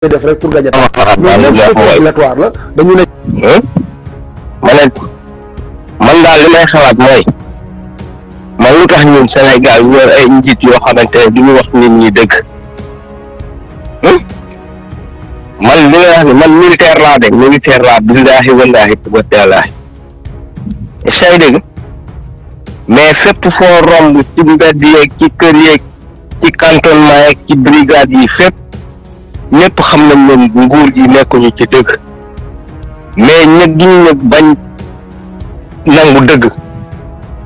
dañuy def rek pour gagner ah, mais même spéculatoire la dañu ne. Hmm? ma ne man daal li xalaat mooy man lu tax ñun Sénégal ñor ay njiit yoo xamante ne du ñu wax nit ñi dëgg hmm? man li man militaire laa de militaire laa billaahi wallaahi tabaarakallaah say dëgg mais fépp foo romb ci mbedd yeeg ci kër yeeg ci cantonnement yeeg ci brigade yi fépp. ñëpp xam nañ ne nguur gi nekkuñu ci dëgg mais ñëg gi ñu ñëg bañ nangu dëgg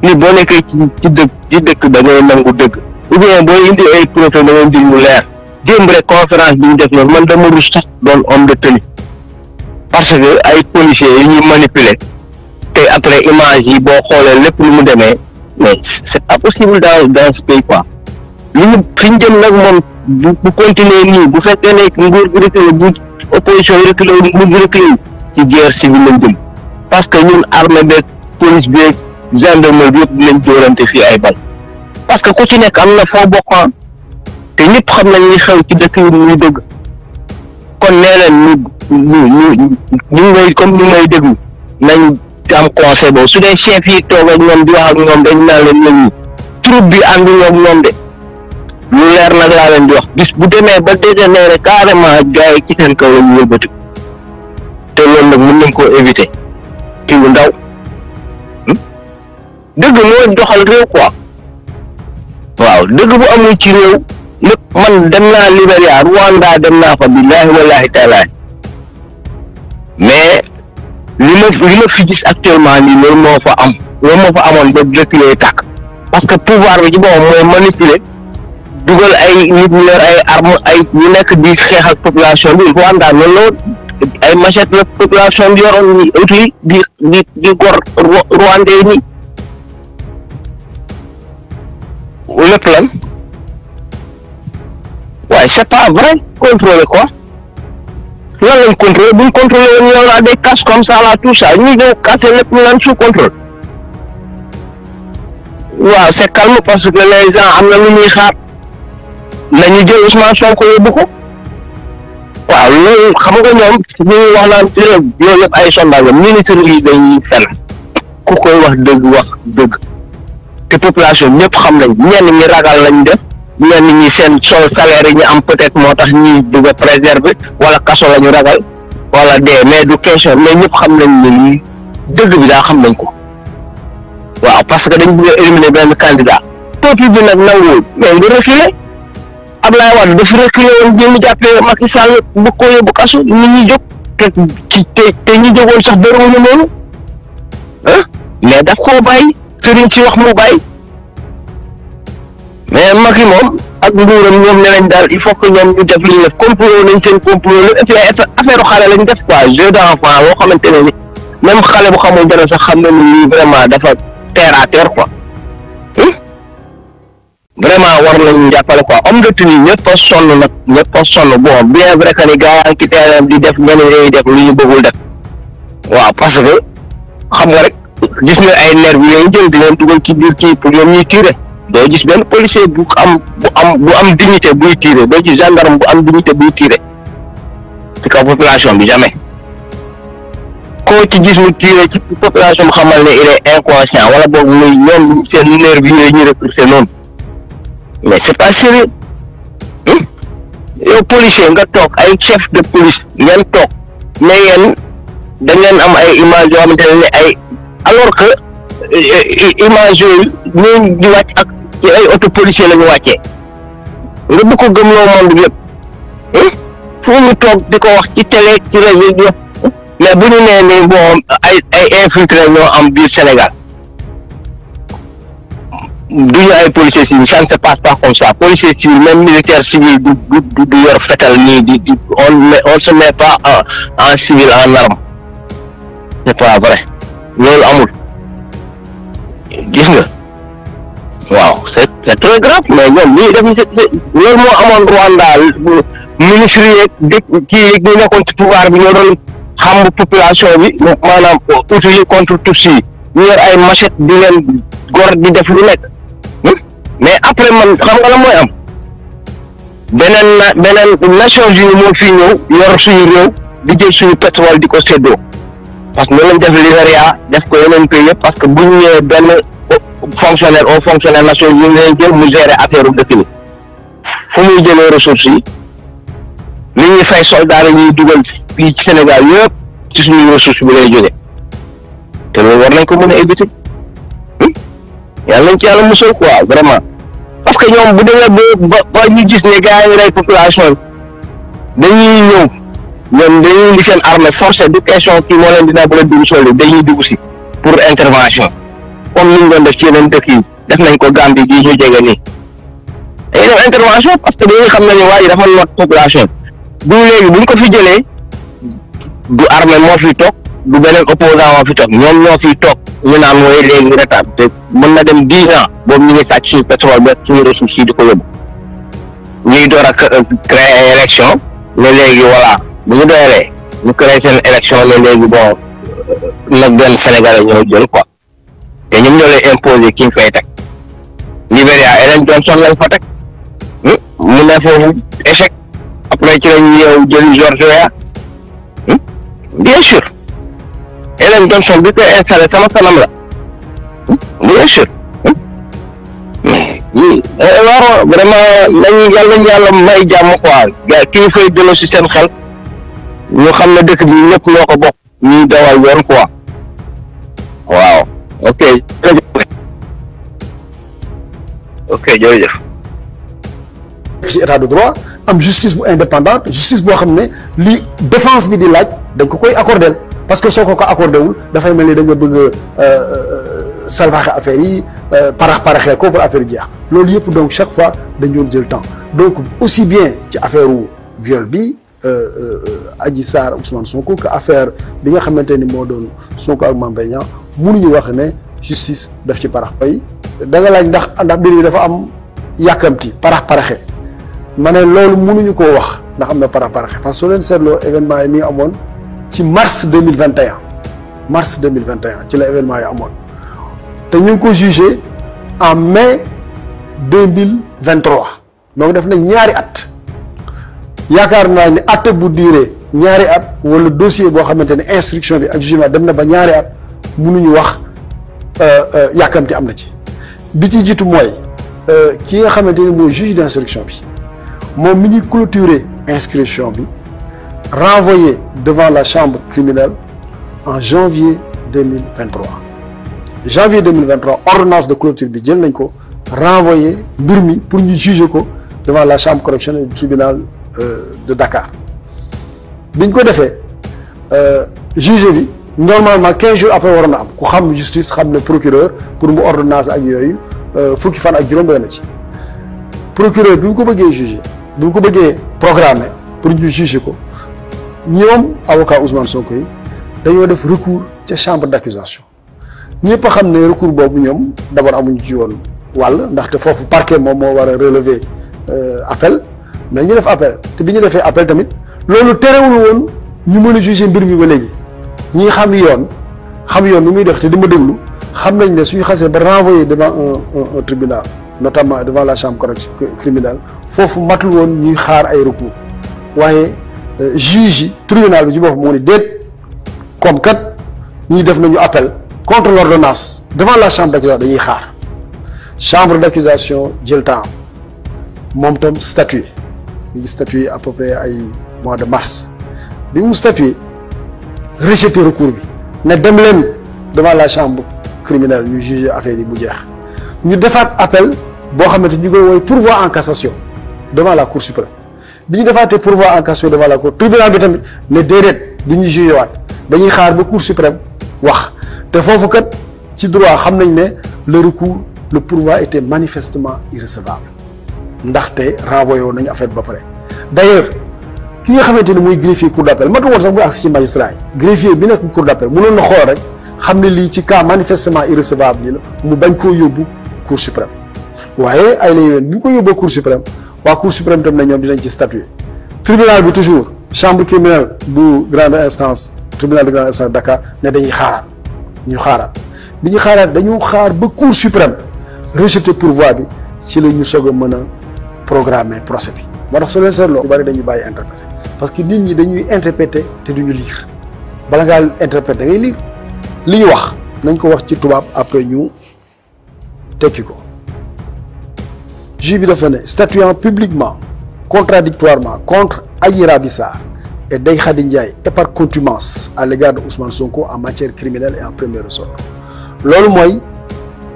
ni boo nekkee ci ci dëgg ci dëkk da ngay nangu dëgg ou bien boo indi ay projet da ngay jël mu leer démb rek conférence bi ñu def noonu man dama rus sax doon homme de tenue parce que ay policiers yi ñuy manipuler te après image yi boo xoolee lépp lu mu demee mais c'est pas possible dans dans ce pays quoi nag moom bu continuer nii bu fekkee ne nguur gi reculé bu opposition yi reculé nguur gi reculé ci guerre civile lañ jëm parce que ñun armée beeg police beeg gendarmerie bi yëpp lañ dóorante fii ay bal parce que ku ci nekk am na foo bokkoon ah. te ñëpp xam nañ li xew ci dëkk yi muy dëgg kon nee leen ñu ñu ñu ñu ngay comme ñu ngay déglu nañ am conseil boobu su dee chef yi toog ak ñoom dañ naan leen nañ troupe de. lu leer nag laa leen di wax bis bu demee ba dégénéré carrément gars yi ci seen kaw la ñu wëlbati te loolu nag mën nañ koo éviter ci lu ndaw hmm? dëgg mooy doxal réew quoi waaw dëgg bu amul ci réew lépp man dem naa Libéria Rwanda dem naa fa billaahi wallaahi taalaahi mais li ma li ma fi gis actuellement nii loolu moo fa am loolu moo fa amoon ba dëkk yooyu tàkk parce que pouvoir bi ci boppam mooy manipuler. dugal ay nit ñu yor ay arme di xeex ak ay machette la population di di di gor Rwandais ni lépp lan waaye c'est pas vrai contrôler quoi lan lañ contrôler buñ contrôler woon yow laa day casse comme ça là tout ça ñu ñëw casse lépp ñu naan sous contrôle waaw c'est calme parce que nañu jël Ousmane Sonko yóbbu ko waaw loolu xam nga ñoom ñu ngi wax naan loolu yëpp ay sondage la ministre yi dañuy fen ku ko wax dëgg wax dëgg te population ñëpp xam nañ ñenn ñi ragal lañ def ñenn ñi seen sol salaire yi ñu am peut-être moo tax ñuy bëgg a préserver wala kaso la ñu ragal wala dee mais du question ñëpp xam nañ ne dëgg bi daa xam nañ ko waaw parce que dañ bëgg a éliminer benn candidat peuple bi nag nanguwul mais nga reculer Ablaye Wade dafa reculé woon bi mu jàppee Macky Sall bëgg koo yóbbu kasu nit ñi jóg te te te ñi jógoon sax bëriwuñu loolu ah mais daf koo bàyyi sëriñ si wax mu bàyyi mais Macky moom ak nguuram ñoom ne lañ daal il faut que ñoom ñu def li ñu def complot nañ seen complot la et puis affaire xale lañ def quoi jeu d'enfant boo xamante ne ni même xale bu xamul dara sax xam ne ni lii vraiment dafa terre teer ko vraiment war nañu jàppale quoi homme de tenue ñëpp a sonn nag ñëpp a sonn bon bien vrai que ni gars yi ci terrain di def ñenn ñi def lu ñu bëggul def waaw parce que xam nga rek gis nga ay nerf yooyu jël di leen dugal ci biir kii pour ñoom ñuy tiire doo gis benn policier bu am bu am bu am dignité buy tiire doo gis gendarme bu am dignité buy tiire ci ka population bi jamais koo ci gis mu tiire ci population bi xamal ne il est inconscient wala boog muy ñoom seen nerf yooyu ñu recruté noonu. mais c'est pas sérieux hmm? yow policier nga toog ay chef de police ngeen toog mais yéen da ngeen am ay image yoo xamante ne ay alors que eh, eh, image yooyu ñooñu di wàcc ay auto policier la ñu wàccee nga bëgg ko gëmloo monde bi yëpp hmm? fu ñu toog di ko wax ci télé ci rajo hmm? mais bu ñu nee ni ay ay infiltré ñoo am biir Sénégal. duñu ay policiers civils ça ne se passe pas comme ça policiers civils même militaire civil du du du nii di on met on se en en civil en arme c'est pas vrai loolu amul gis nga waaw c'est c'est très grave mais ñoom moo amoon Rwanda ministre yeeg dëkk kii yeeg ñu nekkoon bi ñoo doon xam population bi maanaam outillé contre tous yi yor ay machette di leen di def lu nekk. mais après man xam nga la mooy am beneen na beneen Nations Unies moo fi ñëw yor suñu réew di jël suñu pétrole di ko séddoo parce que loolu lañ def Libéria def ko yeneen pays yëpp parce que bu ñu ñëwee benn fonctionnaire au fonctionnaire Nations Unies lañ jël mu gérer affaire u dëkk bi fu muy jëlee ressources yi li ñuy fay soldats yi ñuy dugal fii ci Sénégal yëpp ci suñu ressource bi lay jógee te loolu war nañ ko mën a éviter hmm? yàlla nañ ci yàlla musal quoi vraiment. parce que ñoom bu demee ba ba ñu gis ne gars yi rey population bi dañuy ñoom dañuy indi seen armée forcé du question kii moo leen dina bëgg a dugg soli dañuy dugg si pour intervention comme ni ñu doon def ci yeneen def nañ ko Gambie gii ñu jege nii dañuy parce que dañuy xam ne ne waa ji dafa not population bu léegi buñ ko fi jëlee du armée moo fi toog du beneen opposant moo fi toog ñoom ñoo fi toog ñu naan mooy léegi retard te mën na dem dix ans boobu ñu ngi sàcc suñu pétrole ba suñu ressource yi di ko yóbbu ñuy door a euh, créer élection ne léegi voilà bu ñu dooree ñu créer seen élection ne léegi bon euh, nag benn Sénégal ñoo jël quoi te ñoom ñoo lay imposer ki ñu fay teg Libéria Ellen Johnson lañ fa teg hmm? mu ne foofu échec après ci lañu yow jël Georgia hmm? bien sûr Ellen Johnson bi koy installé sama kanam la bien sûr mais vraiment nañu yàlla yàlla may jàmm quoi gars kii fay si seen xel ñu xam ne dëkk bi ñëpp ñoo ko bokk ñuy dawal yoon quoi waaw ok ok jërëjëf. ci de droit am justice bu indépendante justice boo xam ne li défense bi di laaj dañ ko koy accordé. parce que soo ko ko accordé dafay mel ni da nga bëgg euh, euh, a affaire yi euh, parax paraxee ko pour affaire jeex loolu yëpp donc chaque fois dañ jël temps donc aussi bien ci affaire wu viole bi aji Sarr Ousmane Sonko que affaire bi nga xamante ni moo doon Sonko ak Mame Mbaye Niang wax ne justice daf ci parax pay da laaj ndax ndax mbir bi dafa am yàkkamti parax paraxe ma ne loolu mënuñu koo wax ndax am na parax paraxe parce que soo leen seetloo événement yi mi amoon. ci mars 2021 mars 2021 ci la événement yi amoon te ñu ngi ko jugé en mai 2023 donc def na ñaari at yaakaar naa ni at bu duré ñaari at wala dossier boo xamante ne instruction bi ak jugement dem na ba ñaari at mënuñu wax euh, euh, yàkkamti am na ci bi ci jiitu mooy euh, ki nga xamante ne mooy juge d'instruction bi moom mi ngi clôturer inscription bi renvoyé devant la chambre criminelle en janvier 2023 janvier 2023 ordonnance de clôture bi jël nañ ko renvoyé mbir mi pour ñu juger ko devant la chambre correctionnelle du tribunal euh, de Dakar biñ ko defee euh, juge bi normalement 15 jours après waroon na am ku xam justice xam ne procureur pour mu ordonnance ak yooyu euh, fukki fan ak juróom benn ci procureur bi mu ko bëggee juger bi mu ko bëggee programmer pour ñu juger ko ñoom avocat Ousmane Sonko yi dañoo def recours ca chambre d'accusation ñëpp a xam ne recours boobu ñoom d'abord amuñu ci yoon wàll ndaxte foofu parquet moom moo war a relever euh, appel mais ñu def appel te bi ñu defee appel tamit loolu terewul woon ñu mën a juger mbir mi ba léegi ñi xam yoon xam yoon nu muy def te di ma déglu xam nañ ne suñu xasee ba renvoyer devant tribunal notamment devant la chambre correctionnelle criminelle foofu matul woon ñuy xaar ay recours Euh, juge yi tribunal bi ci boppam moo ni déet comme kat ñu def nañu appel contre l'ordonnance devant la chambre d'accusation dañuy xaar chambre d'accusation jël temps moom tam statué mi ngi à peu près ay mois de mars bi mu statué rejeté recours bi ne dem leen devant la chambre criminelle ñu jugé affaire yi mu jeex ñu defaat appel boo xamante ñu koy woy pourvoi en cassation devant la cour suprême bi ñu defaatee pourvoi en cassation devant la cour tribunal bi tamit ne déedéet du ñuy jugé waat dañuy xaar ba cour suprême wax te foofu kat ci droit xam nañ ne le recours le pourvoi était manifestement irrecevable ndaxte renvoyé nañu affaire ba pare d'ailleurs ki nga xamante ni muy greffier cour d'appel matu woon sax muy agsi ci magistrat yi greffier bi nekk cour d'appel mënoon na xool rek xam ne lii ci cas manifestement irrecevable yi la mu bañ koo yóbbu cour suprême waaye ay la ko yóbboo cour suprême waa cour suprême tam nañoo ñoom dinañ ci statuer tribunal bi toujours chambre criminelle bu grande instance tribunal de grande instance Dakar ne dañuy xaaraat ñu xaaraat bi ñu xaaraat dañu xaar ba cour suprême rejeté pourvoi bi ci la ñu soog a mën a programmer procès bi moo tax su leen ñu bari dañuy bàyyi interpréter parce que nit ñi dañuy interpréter te duñu lire bala ngaa interpréter da ngay lire wax nañ ko wax ci tubaab après ñu tekki ko. juge bi dafa ne statuant publiquement contradictoirement contre Adji Raby Sarr et Ndèye Khady Ndiaye et par contumace à l'égard de Ousmane Sonko en matière criminelle et en premier ressort loolu mooy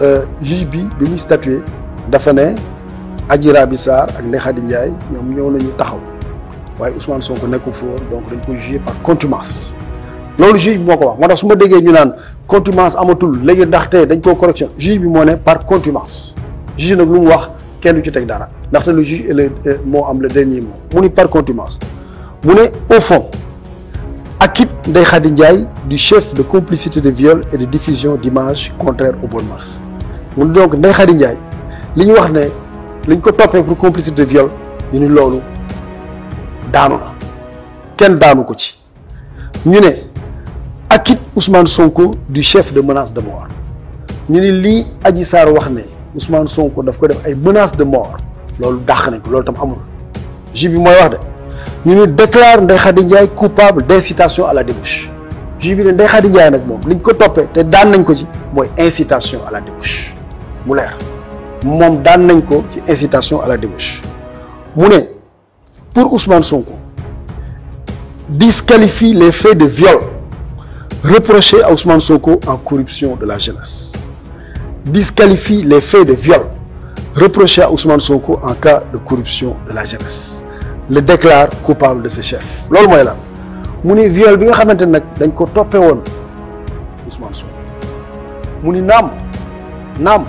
euh, juge bi bi muy statuer dafa ne Adji Raby ak Ndèye Khady Ndiaye ñoom ñëw nañu taxaw waaye Ousmane Sonko nekku foor donc dañ ko jugé par contumace loolu juge bi moo ko wax moo tax su ma déggee ñu naan contumace amatul léegi ndaxte dañ koo correction juge bi moo ne par contumace juge lu wax kenn du ci teg dara ndaxte le juge est le euh, moo am le dernier mot mu ni par contumace mu ne au fond acquitte Ndeye Khady Ndiaye du chef de complicité de viol et de diffusion d'images contraires aux bonnes mœurs mu ne donc Ndeye Khady Ndiaye li ñu wax ne li ñu ko toppee pour complicité de viol ñu ni loolu daanu na kenn daanu ko ci ñu ne acquitte Ousmane Sonko du chef de menace de mort ñu ni lii aji Sarr wax ne Ousmane Sonko daf ko def ay menaces de mort loolu dàq nañ ko loolu tam amul ju bi mooy wax de ñu ne déclare Ndeye Khady Ndiaye coupable d'incitation à la débauche ju bi ne Ndeye Khady Ndiaye nag moom liñ ko toppee te daan nañ ko ci mooy incitation à la débauche mu leer moom daan nañ ko ci incitation à la débauche mu ne pour Ousmane Sonko disqualifie les faits de viol a à Ousmane Sonko en corruption de la jeunesse disqualifie les faits de viol reprocher à Ousmane Sonko en cas de corruption de la jeunesse le déclare coupable de ses chefs loolu mooy la mu ni viol bi nga xamante ne nag dañ ko toppee woon Ousmane Sonko mu ni naam naam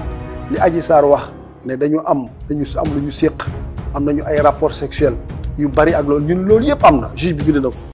li Adji sar wax ne dañu am dañu am lu ñu séq am nañu ay rapports sexuels yu bari ak loolu ñun loolu yëpp am na juge bi bind na ko